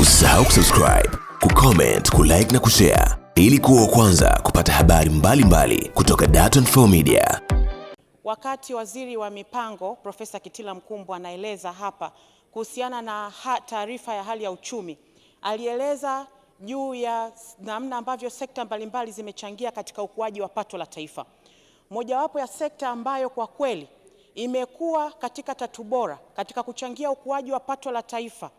Usisahau kusubscribe, kucomment, kulike na kushare ili kuwa kwanza kupata habari mbalimbali mbali kutoka Dar24 Media. Wakati Waziri wa Mipango Profesa Kitila Mkumbo anaeleza hapa kuhusiana na taarifa ya hali ya uchumi, alieleza juu ya namna ambavyo sekta mbalimbali zimechangia katika ukuaji wa pato la taifa. Mojawapo ya sekta ambayo kwa kweli imekuwa katika tatu bora katika kuchangia ukuaji wa pato la taifa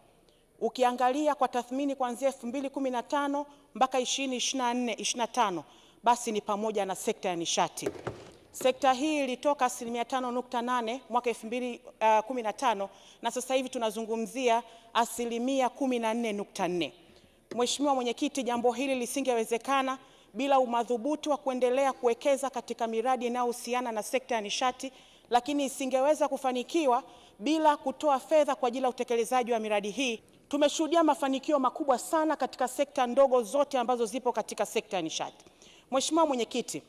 Ukiangalia kwa tathmini kuanzia 2015 mpaka 2024 25 basi ni pamoja na sekta ya nishati. Sekta hii ilitoka asilimia 5.8 mwaka 2015 uh, na sasa hivi tunazungumzia asilimia 14.4. Mheshimiwa Mwenyekiti, jambo hili lisingewezekana bila umadhubuti wa kuendelea kuwekeza katika miradi inayohusiana na sekta ya nishati, lakini isingeweza kufanikiwa bila kutoa fedha kwa ajili ya utekelezaji wa miradi hii. Tumeshuhudia mafanikio makubwa sana katika sekta ndogo zote ambazo zipo katika sekta ya nishati. Mheshimiwa Mwenyekiti,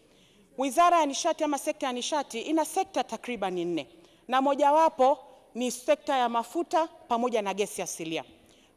Wizara ya Nishati ama sekta ya nishati ina sekta takriban nne na mojawapo ni sekta ya mafuta pamoja na gesi asilia.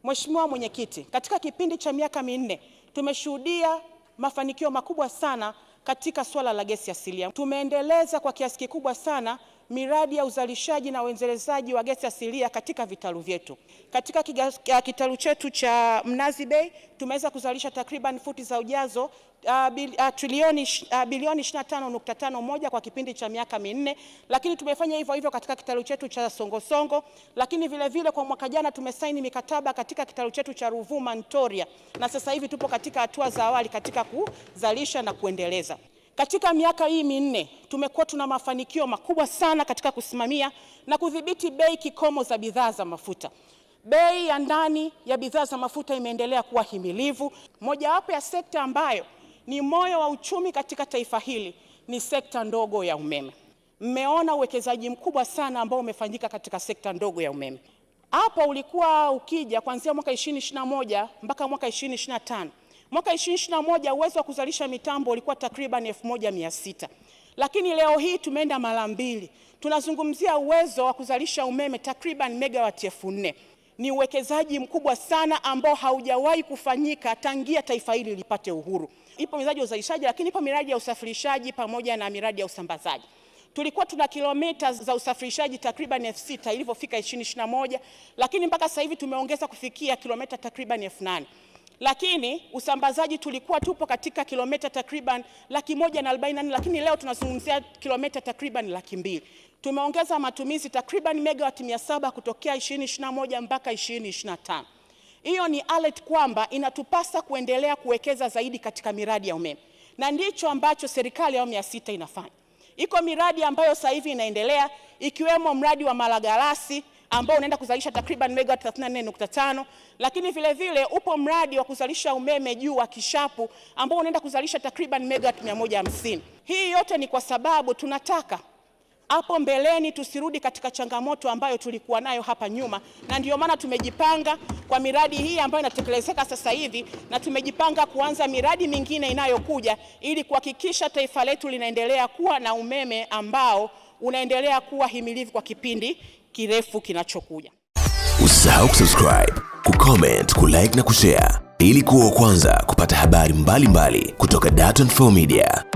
Mheshimiwa Mwenyekiti, katika kipindi cha miaka minne tumeshuhudia mafanikio makubwa sana katika swala la gesi asilia. Tumeendeleza kwa kiasi kikubwa sana miradi ya uzalishaji na uendelezaji wa gesi asilia katika vitalu vyetu. Katika kitalu chetu cha Mnazi Bay tumeweza kuzalisha takriban futi za ujazo uh, uh, trilioni uh, bilioni 25.51 kwa kipindi cha miaka minne, lakini tumefanya hivyo hivyo katika kitalu chetu cha Songosongo, lakini vile vile kwa mwaka jana tumesaini mikataba katika kitalu chetu cha Ruvuma Ntoria, na sasa hivi tupo katika hatua za awali katika kuzalisha na kuendeleza. Katika miaka hii minne tumekuwa tuna mafanikio makubwa sana katika kusimamia na kudhibiti bei kikomo za bidhaa za mafuta. Bei ya ndani ya bidhaa za mafuta imeendelea kuwa himilivu. Mojawapo ya sekta ambayo ni moyo wa uchumi katika taifa hili ni sekta ndogo ya umeme. Mmeona uwekezaji mkubwa sana ambao umefanyika katika sekta ndogo ya umeme. Hapo ulikuwa ukija kuanzia mwaka 2021 mpaka mwaka 2025 Mwaka 2021 uwezo wa kuzalisha mitambo ulikuwa takriban 1600 lakini leo hii tumeenda mara mbili. Tunazungumzia uwezo wa kuzalisha umeme takriban megawatt 4000 Ni uwekezaji mkubwa sana ambao haujawahi kufanyika tangia taifa hili lipate uhuru. Ipo miradi ya uzalishaji, lakini ipo miradi ya usafirishaji pamoja na miradi ya usambazaji. Tulikuwa tuna kilomita za usafirishaji takriban elfu sita ilivyofika 2021 lakini mpaka sasa hivi tumeongeza kufikia kilomita takriban elfu nane lakini usambazaji tulikuwa tupo katika kilomita takriban laki moja na arobaini na nne lakini leo tunazungumzia kilomita takriban laki mbili. Tumeongeza matumizi takriban megawati mia saba kutokea 2021 mpaka 2025. Hiyo ni alert kwamba inatupasa kuendelea kuwekeza zaidi katika miradi ya umeme na ndicho ambacho serikali ya awamu ya sita inafanya. Iko miradi ambayo sasa hivi inaendelea ikiwemo mradi wa Malagarasi ambao unaenda kuzalisha takriban megawati 34.5, lakini vile vile upo mradi wa kuzalisha umeme juu wa Kishapu ambao unaenda kuzalisha takriban megawati 150. Hii yote ni kwa sababu tunataka hapo mbeleni tusirudi katika changamoto ambayo tulikuwa nayo hapa nyuma, na ndiyo maana tumejipanga kwa miradi hii ambayo inatekelezeka sasa hivi, na tumejipanga kuanza miradi mingine inayokuja ili kuhakikisha taifa letu linaendelea kuwa na umeme ambao unaendelea kuwa himilivu kwa kipindi kirefu kinachokuja. Usisahau kusubscribe, kucomment, kulike na kushare ili kuwa wa kwanza kupata habari mbalimbali mbali kutoka Dar24 Media.